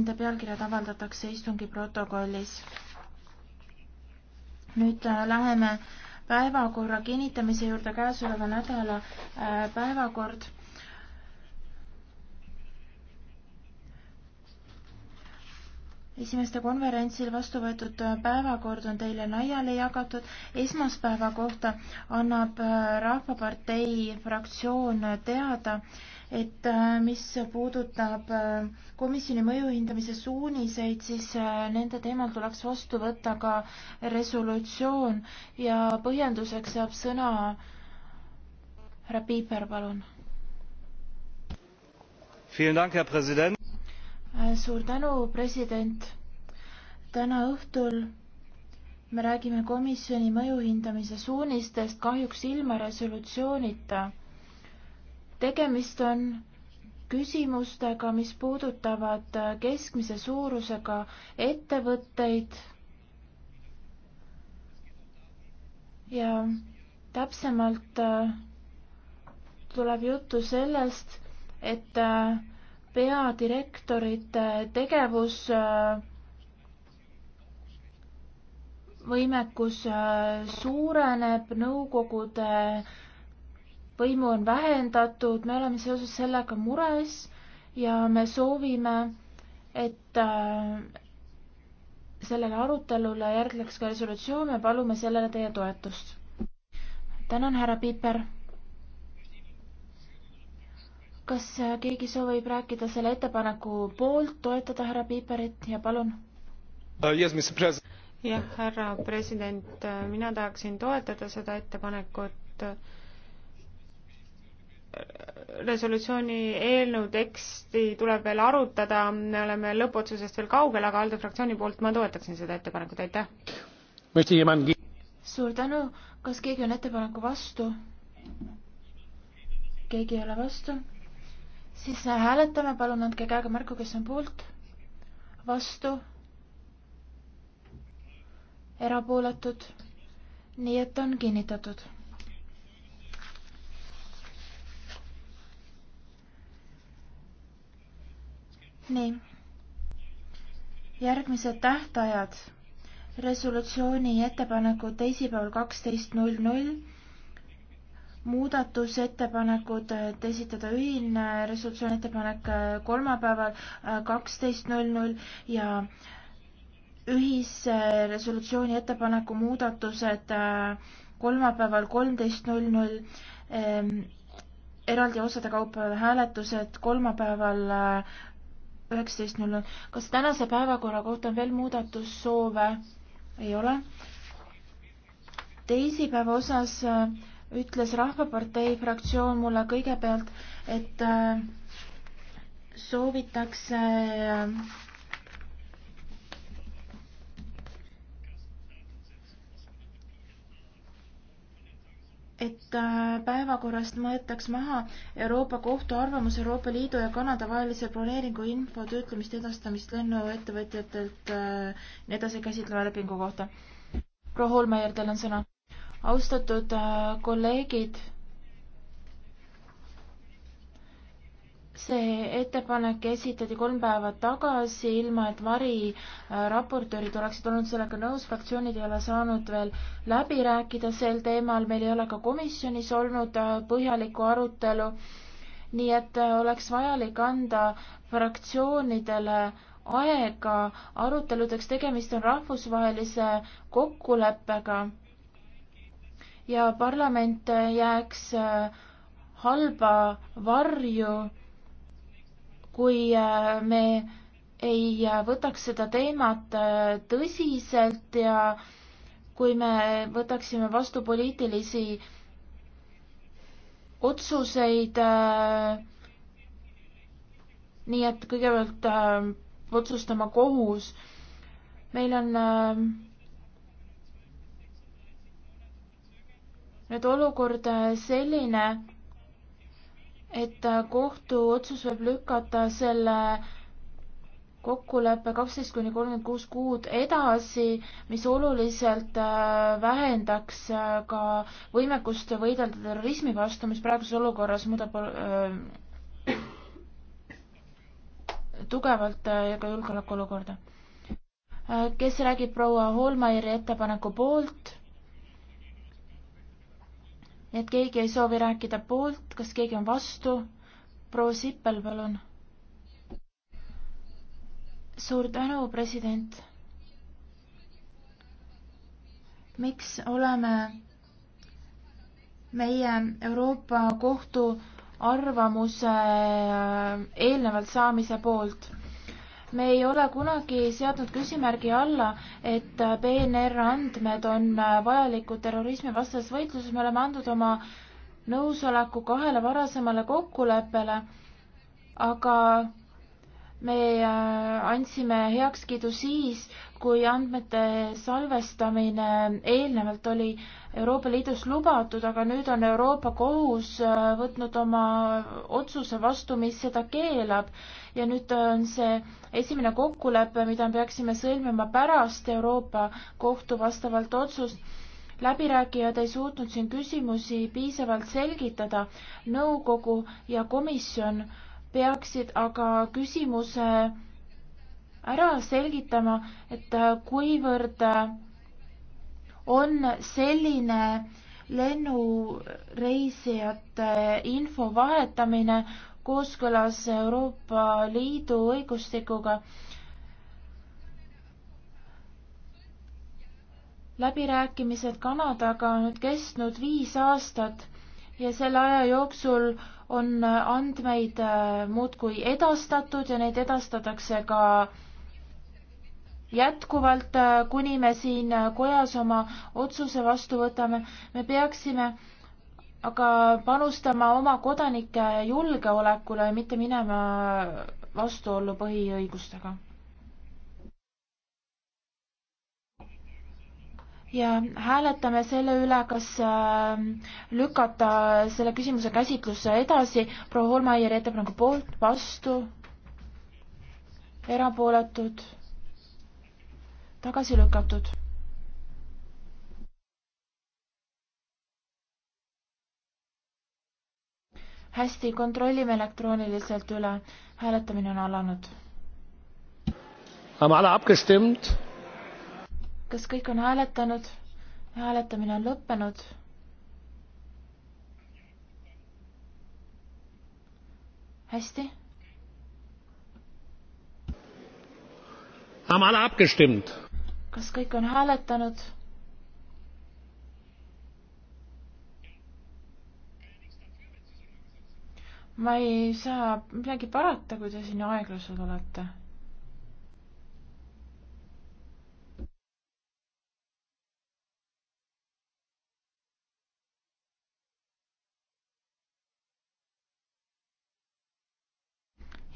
Nende pealkirjad avaldatakse istungi protokollis. nüüd äh, läheme päevakorra kinnitamise juurde käesoleva nädala äh, päevakord. esimeste konverentsil vastu võetud äh, päevakord on teile laiali jagatud. esmaspäeva kohta annab Rahvapartei fraktsioon teada, et äh, mis puudutab äh, komisjoni mõjuhindamise suuniseid, siis äh, nende teemal tuleks vastu võtta ka resolutsioon ja põhjenduseks saab sõna härra Piiper, palun. suur tänu, president. täna õhtul me räägime komisjoni mõjuhindamise suunistest kahjuks ilma resolutsioonita tegemist on küsimustega, mis puudutavad keskmise suurusega ettevõtteid ja täpsemalt äh, tuleb juttu sellest, et äh, peadirektorite tegevus äh, võimekus suureneb, nõukogude võimu on vähendatud, me oleme seoses sellega mures ja me soovime, et äh, sellele arutelule järgneks ka resolutsioon, me palume sellele teie toetust. tänan, härra Piper. kas äh, keegi soovib rääkida selle ettepaneku poolt, toetada härra Piperit ja palun uh,? Yes, jah, härra president, äh, mina tahaksin toetada seda ettepanekut resolutsiooni eelnõu teksti tuleb veel arutada, me oleme lõppotsusest veel kaugel, aga ALDE fraktsiooni poolt ma toetaksin seda ettepanekut, aitäh. suur tänu, kas keegi on ettepaneku vastu? keegi ei ole vastu? siis hääletame, palun andke käega märku, kes on poolt, vastu, erapooletud, nii et on kinnitatud nii. järgmised tähtajad. resolutsiooni ettepanekud teisipäeval kaksteist null null. muudatusettepanekud, et esitada ühine resolutsiooni ettepanek äh, kolmapäeval äh, kaksteist null null ja ühise resolutsiooni ettepaneku muudatused äh, kolmapäeval kolmteist null null eraldi osade kaupa hääletused kolmapäeval üheksateist null null. kas tänase päevakorra kohta on veel muudatussoove? ei ole. teisipäeva osas äh, ütles Rahvapartei fraktsioon mulle kõigepealt, et äh, soovitakse äh, et äh, päevakorrast võetaks maha Euroopa Kohtu arvamus Euroopa Liidu ja Kanada vahelise broneeringu info töötlemist edastamist lennuettevõtjatelt äh, nii edasi käsitleva lepingu kohta. proua Holmeier, teil on sõna. austatud äh, kolleegid see ettepanek esitati kolm päeva tagasi, ilma et variraportöörid oleksid olnud sellega nõus, fraktsioonid ei ole saanud veel läbi rääkida sel teemal, meil ei ole ka komisjonis olnud äh, põhjalikku arutelu, nii et äh, oleks vajalik anda fraktsioonidele aega aruteludeks, tegemist on rahvusvahelise kokkuleppega ja parlament äh, jääks halba varju kui äh, me ei äh, võtaks seda teemat äh, tõsiselt ja kui me võtaksime vastu poliitilisi otsuseid äh, nii, et kõigepealt äh, otsustama kohus. meil on äh, nüüd olukord selline, et äh, kohtuotsus võib lükata selle kokkuleppe kaksteist kuni kolmkümmend kuus kuud edasi, mis oluliselt äh, vähendaks äh, ka võimekust võidelda terrorismi vastu, mis praeguses olukorras muudab äh, tugevalt ja ka julgeolekuolukorda. kes räägib proua Holmeieri ettepaneku poolt? et keegi ei soovi rääkida poolt, kas keegi on vastu? proua Sippel, palun. suur tänu, president. miks oleme meie Euroopa Kohtu arvamuse äh, eelnevalt saamise poolt? me ei ole kunagi seadnud küsimärgi alla, et PNR andmed on vajalikud terrorismivastases võitluses, me oleme andnud oma nõusoleku kahele varasemale kokkuleppele, aga me äh, andsime heakskiidu siis, kui andmete salvestamine eelnevalt oli Euroopa Liidus lubatud, aga nüüd on Euroopa Kohus äh, võtnud oma otsuse vastu, mis seda keelab. ja nüüd äh, on see esimene kokkulepe, mida me peaksime sõlmima pärast Euroopa Kohtu vastavalt otsust läbirääkijad ei suutnud siin küsimusi piisavalt selgitada. nõukogu ja komisjon peaksid aga küsimuse ära selgitama, et kuivõrd on selline lennureisijate info vahetamine kooskõlas Euroopa Liidu õigustikuga. läbirääkimised Kanadaga on nüüd kestnud viis aastat ja selle aja jooksul on andmeid äh, muudkui edastatud ja neid edastatakse ka jätkuvalt, äh, kuni me siin äh, kojas oma otsuse vastu võtame, me peaksime aga panustama oma kodanike julgeolekule, mitte minema vastuollu põhiõigustega ja hääletame selle üle, kas ähm, lükata selle küsimuse käsitlus edasi. proua Holmaieri ettepaneku poolt, vastu, erapooletud, tagasi lükatud. hästi, kontrollime elektrooniliselt üle. hääletamine on alanud. Haben alle abgestimmt? kas kõik on hääletanud? hääletamine on lõppenud. hästi. kas kõik on hääletanud? ma ei saa midagi parata, kui te siin aeglased olete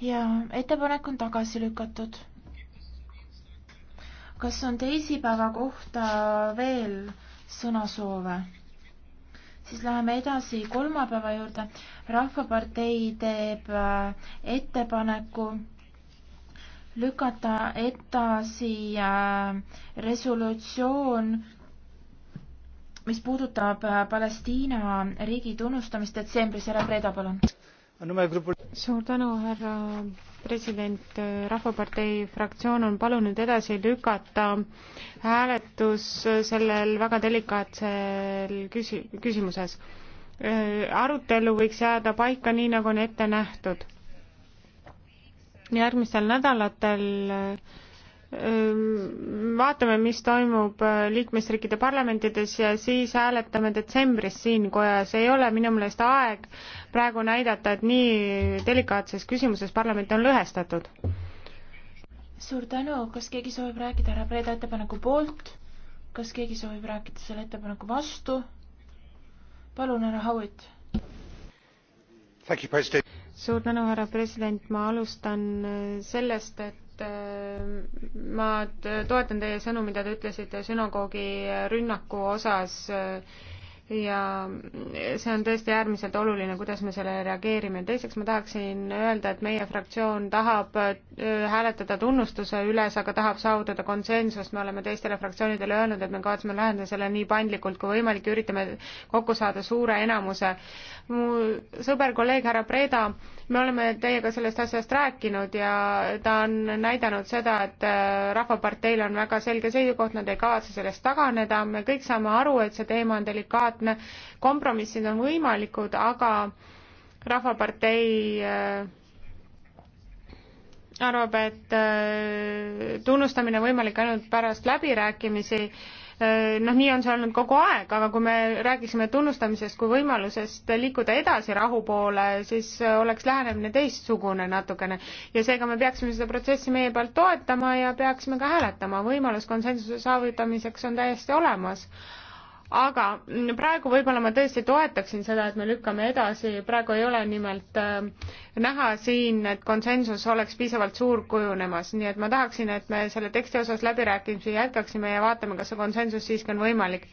ja ettepanek on tagasi lükatud. kas on teisipäeva kohta veel sõnasoove? siis läheme edasi kolmapäeva juurde. rahvapartei teeb äh, ettepaneku lükata edasi äh, resolutsioon, mis puudutab äh, Palestiina riigi tunnustamist detsembris. härra Preeda, palun suur tänu, härra president, Rahvapartei fraktsioon on palunud edasi lükata hääletus sellel väga delikaatsel küsi-, küsimuses. Äh, arutelu võiks jääda paika nii, nagu on ette nähtud. järgmistel nädalatel vaatame, mis toimub äh, liikmesriikide parlamentides ja siis hääletame detsembris siin kojas. ei ole minu meelest aeg praegu näidata, et nii delikaatses küsimuses parlament on lõhestatud. suur tänu, kas keegi soovib rääkida härra Preeda ettepaneku poolt? kas keegi soovib rääkida selle ettepaneku vastu? palun, härra Howitt. suur tänu, härra president, ma alustan äh, sellest, et äh, ma toetan teie sõnu, mida te ütlesite sünagoogi rünnaku osas ja see on tõesti äärmiselt oluline, kuidas me sellele reageerime. teiseks ma tahaksin öelda, et meie fraktsioon tahab äh, hääletada tunnustuse üles, aga tahab saavutada konsensust. me oleme teistele fraktsioonidele öelnud, et me kavatseme lahendada selle nii paindlikult kui võimalik ja üritame kokku saada suure enamuse. mu sõber, kolleeg härra Preda, me oleme teiega sellest asjast rääkinud ja ta on näidanud seda, et äh, Rahvaparteil on väga selge seisukoht, nad ei kavatse sellest taganeda. me kõik saame aru, et see teema on delikaatne adekvaatne, kompromissid on võimalikud, aga Rahvapartei äh, arvab, et äh, tunnustamine võimalik ainult pärast läbirääkimisi äh, noh, nii on see olnud kogu aeg, aga kui me räägiksime tunnustamisest kui võimalusest liikuda edasi rahu poole, siis oleks lähenemine teistsugune natukene. ja seega me peaksime seda protsessi meie poolt toetama ja peaksime ka hääletama, võimalus konsensuse saavutamiseks on täiesti olemas aga praegu võib-olla ma tõesti toetaksin seda, et me lükkame edasi, praegu ei ole nimelt äh, näha siin, et konsensus oleks piisavalt suur kujunemas, nii et ma tahaksin, et me selle teksti osas läbirääkimisi jätkaksime ja vaatame, kas see konsensus siiski on võimalik.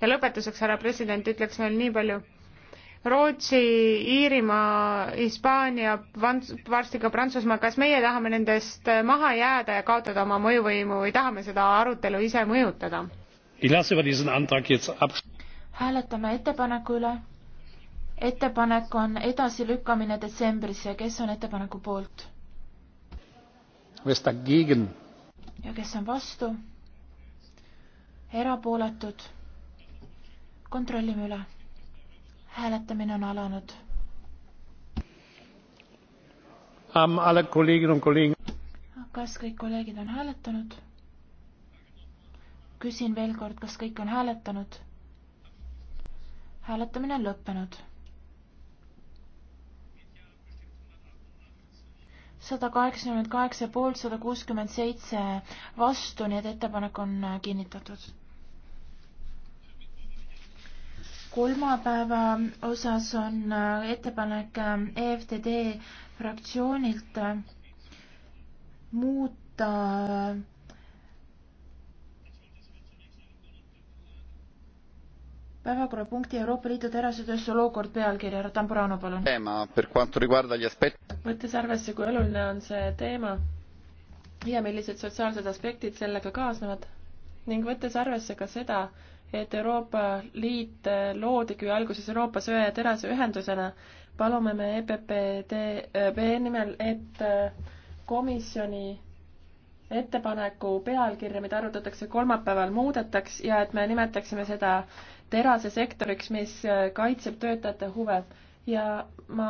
ja lõpetuseks, härra president, ütleks veel nii palju Rootsi, Iirimaa, Hispaania, varsti ka Prantsusmaa, kas meie tahame nendest maha jääda ja kaotada oma mõjuvõimu või tahame seda arutelu ise mõjutada? hääletame ettepaneku üle. ettepanek on edasilükkamine detsembrisse, kes on ettepaneku poolt? ja kes on vastu? erapooletud? kontrollime üle. hääletamine on alanud. kas kõik kolleegid on hääletanud? küsin veel kord, kas kõik on hääletanud? hääletamine on lõppenud. sada kaheksakümmend kaheksa poolt, sada kuuskümmend seitse vastu, nii et ettepanek on äh, kinnitatud. kolmapäeva osas on äh, ettepanek äh, EFTD fraktsioonilt muuta päevakorrapunkti Euroopa Liidu terasetööstuse olukord pealkirja, härra Tamburano, palun. võttes arvesse, kui oluline on see teema ja millised sotsiaalsed aspektid sellega kaasnevad ning võttes arvesse ka seda, et Euroopa Liit loodigi ju alguses Euroopa söe ja terase ühendusena, palume me EPPDB äh, nimel, et äh, komisjoni ettepaneku pealkirja, mida arutatakse kolmapäeval, muudetaks ja et me nimetaksime seda terasesektoriks, mis äh, kaitseb töötajate huve ja ma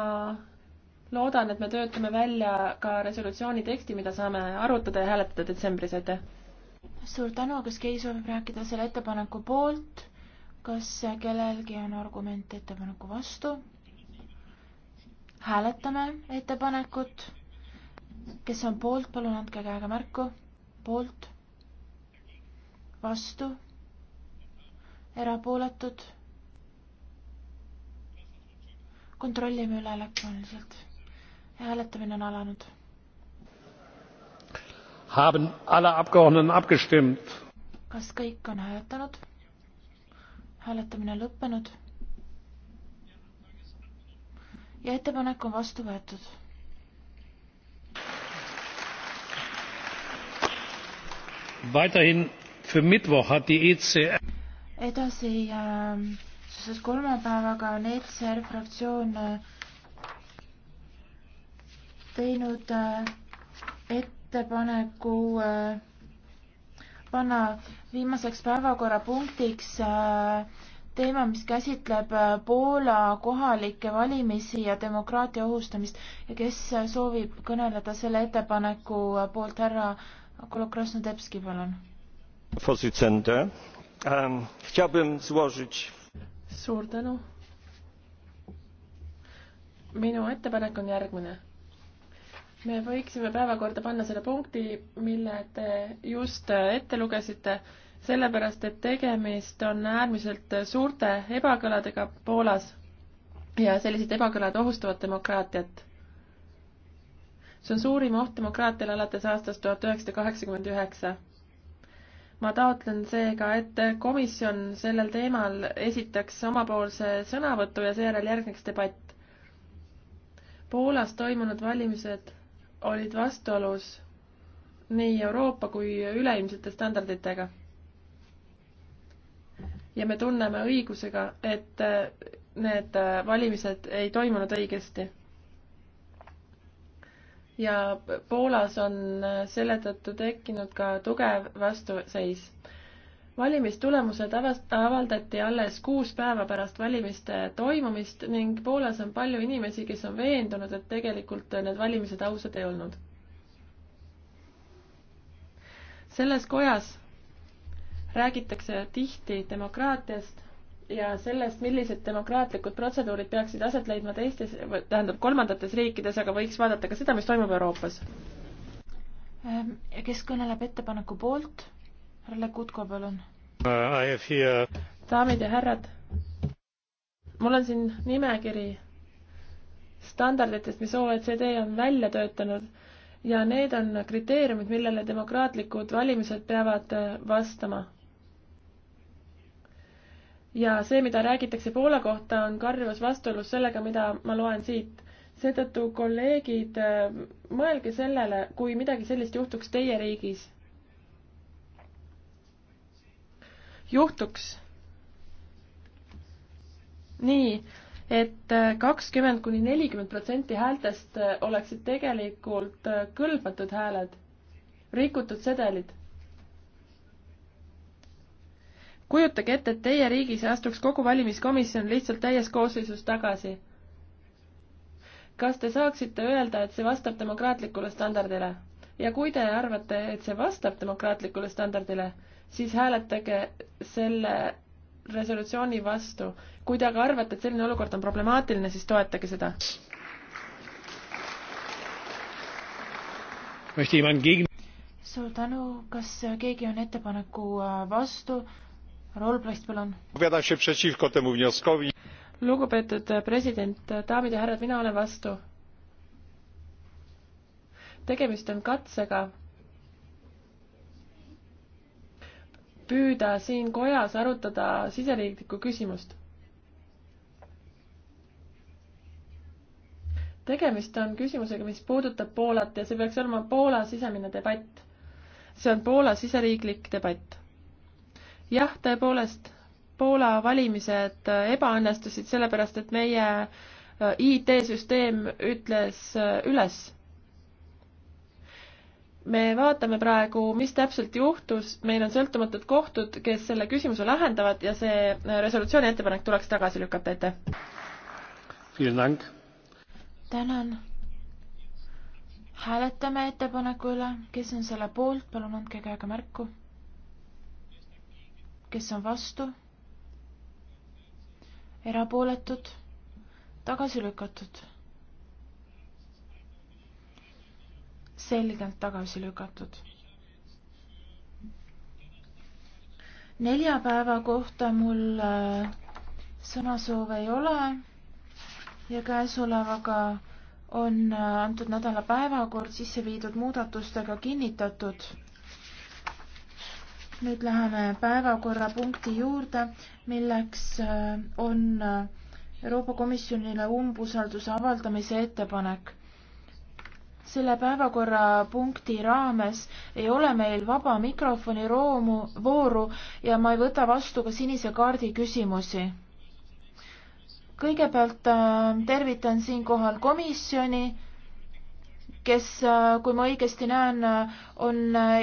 loodan, et me töötame välja ka resolutsiooni teksti, mida saame arutada ja hääletada detsembris, aitäh! suur tänu, kas keegi soovib rääkida selle ettepaneku poolt? kas kellelgi on argument ettepaneku vastu? hääletame ettepanekut. kes on poolt, palun andke käega märku. poolt, vastu erapooletud. kontrollime üle elektrooniliselt. hääletamine on alanud. Haben alle Abgeordneten abgestimmt? kas kõik on hääletanud? hääletamine on lõppenud. ja ettepanek on vastu võetud. Weiterhin für Mittwoch hat die ECR edasi äh, seoses kolmapäevaga on ETSR fraktsioon äh, teinud äh, ettepaneku äh, panna viimaseks päevakorrapunktiks äh, teema, mis käsitleb äh, Poola kohalikke valimisi ja demokraatia ohustamist ja kes äh, soovib kõneleda selle ettepaneku äh, poolt, härra Kolokrasnodebski, palun chciałbym złożyć suur tänu minu ettepanek on järgmine me võiksime päevakorda panna selle punkti mille te just ette lugesite sellepärast et tegemist on äärmiselt suurte ebakõladega Poolas ja sellised ebakõlad ohustavad demokraatiat see on suurim oht demokraatiale alates aastast tuhat üheksasada kaheksakümmend üheksa ma taotlen seega, et komisjon sellel teemal esitaks omapoolse sõnavõtu ja seejärel järgneks debatt. Poolas toimunud valimised olid vastuolus nii Euroopa kui üleilmsete standarditega. ja me tunneme õigusega, et need valimised ei toimunud õigesti ja Poolas on selle tõttu tekkinud ka tugev vastuseis. valimistulemused avaldati alles kuus päeva pärast valimiste toimumist ning Poolas on palju inimesi, kes on veendunud, et tegelikult need valimised ausad ei olnud. selles kojas räägitakse tihti demokraatiast ja sellest, millised demokraatlikud protseduurid peaksid aset leidma teistes, tähendab kolmandates riikides, aga võiks vaadata ka seda, mis toimub Euroopas. Ehm, kes kõneleb ettepaneku poolt? härra Lekutko, palun. Uh, daamid ja härrad, mul on siin nimekiri standarditest, mis OECD on välja töötanud ja need on kriteeriumid, millele demokraatlikud valimised peavad äh, vastama ja see, mida räägitakse Poola kohta, on karjuvas vastuolus sellega, mida ma loen siit. seetõttu, kolleegid, mõelge sellele, kui midagi sellist juhtuks teie riigis. juhtuks nii, et kakskümmend kuni nelikümmend protsenti häältest oleksid tegelikult kõlbmatud hääled, rikutud sedelid kujutage ette, et teie riigis astuks kogu valimiskomisjon lihtsalt täies koosseisus tagasi. kas te saaksite öelda, et see vastab demokraatlikule standardile? ja kui te arvate, et see vastab demokraatlikule standardile, siis hääletage selle resolutsiooni vastu. kui te aga arvate, et selline olukord on problemaatiline, siis toetage seda. suur tänu, kas keegi on ettepaneku äh, vastu? opowiadam się przeciwko temu wnioskowi. lugupeetud president daamid ja härrad mina olen vastu. tegemist on katsega püüda siin kojas arutada siseriiklikku küsimust. tegemist on küsimusega, mis puudutab Poolat ja see peaks olema Poola sisemine debatt. see on Poola siseriiklik debatt jah, tõepoolest, Poola valimised ebaõnnestusid sellepärast, et meie äh, IT-süsteem ütles äh, üles. me vaatame praegu, mis täpselt juhtus, meil on sõltumatud kohtud, kes selle küsimuse lahendavad ja see äh, resolutsiooni ettepanek tuleks tagasi lükata, aitäh! tänan! hääletame ettepaneku üle, kes on selle poolt, palun andke käega märku kes on vastu, erapooletud, tagasi lükatud. selgelt tagasi lükatud. neljapäeva kohta mul äh, sõnasoove ei ole ja käesolevaga on äh, antud nädala päevakord sisse viidud muudatustega kinnitatud nüüd läheme päevakorrapunkti juurde, milleks äh, on äh, Euroopa Komisjonile umbusalduse avaldamise ettepanek. selle päevakorrapunkti raames ei ole meil vaba mikrofoni roomu, vooru ja ma ei võta vastu ka sinise kaardi küsimusi. kõigepealt äh, tervitan siinkohal komisjoni, kes, kui ma õigesti näen, on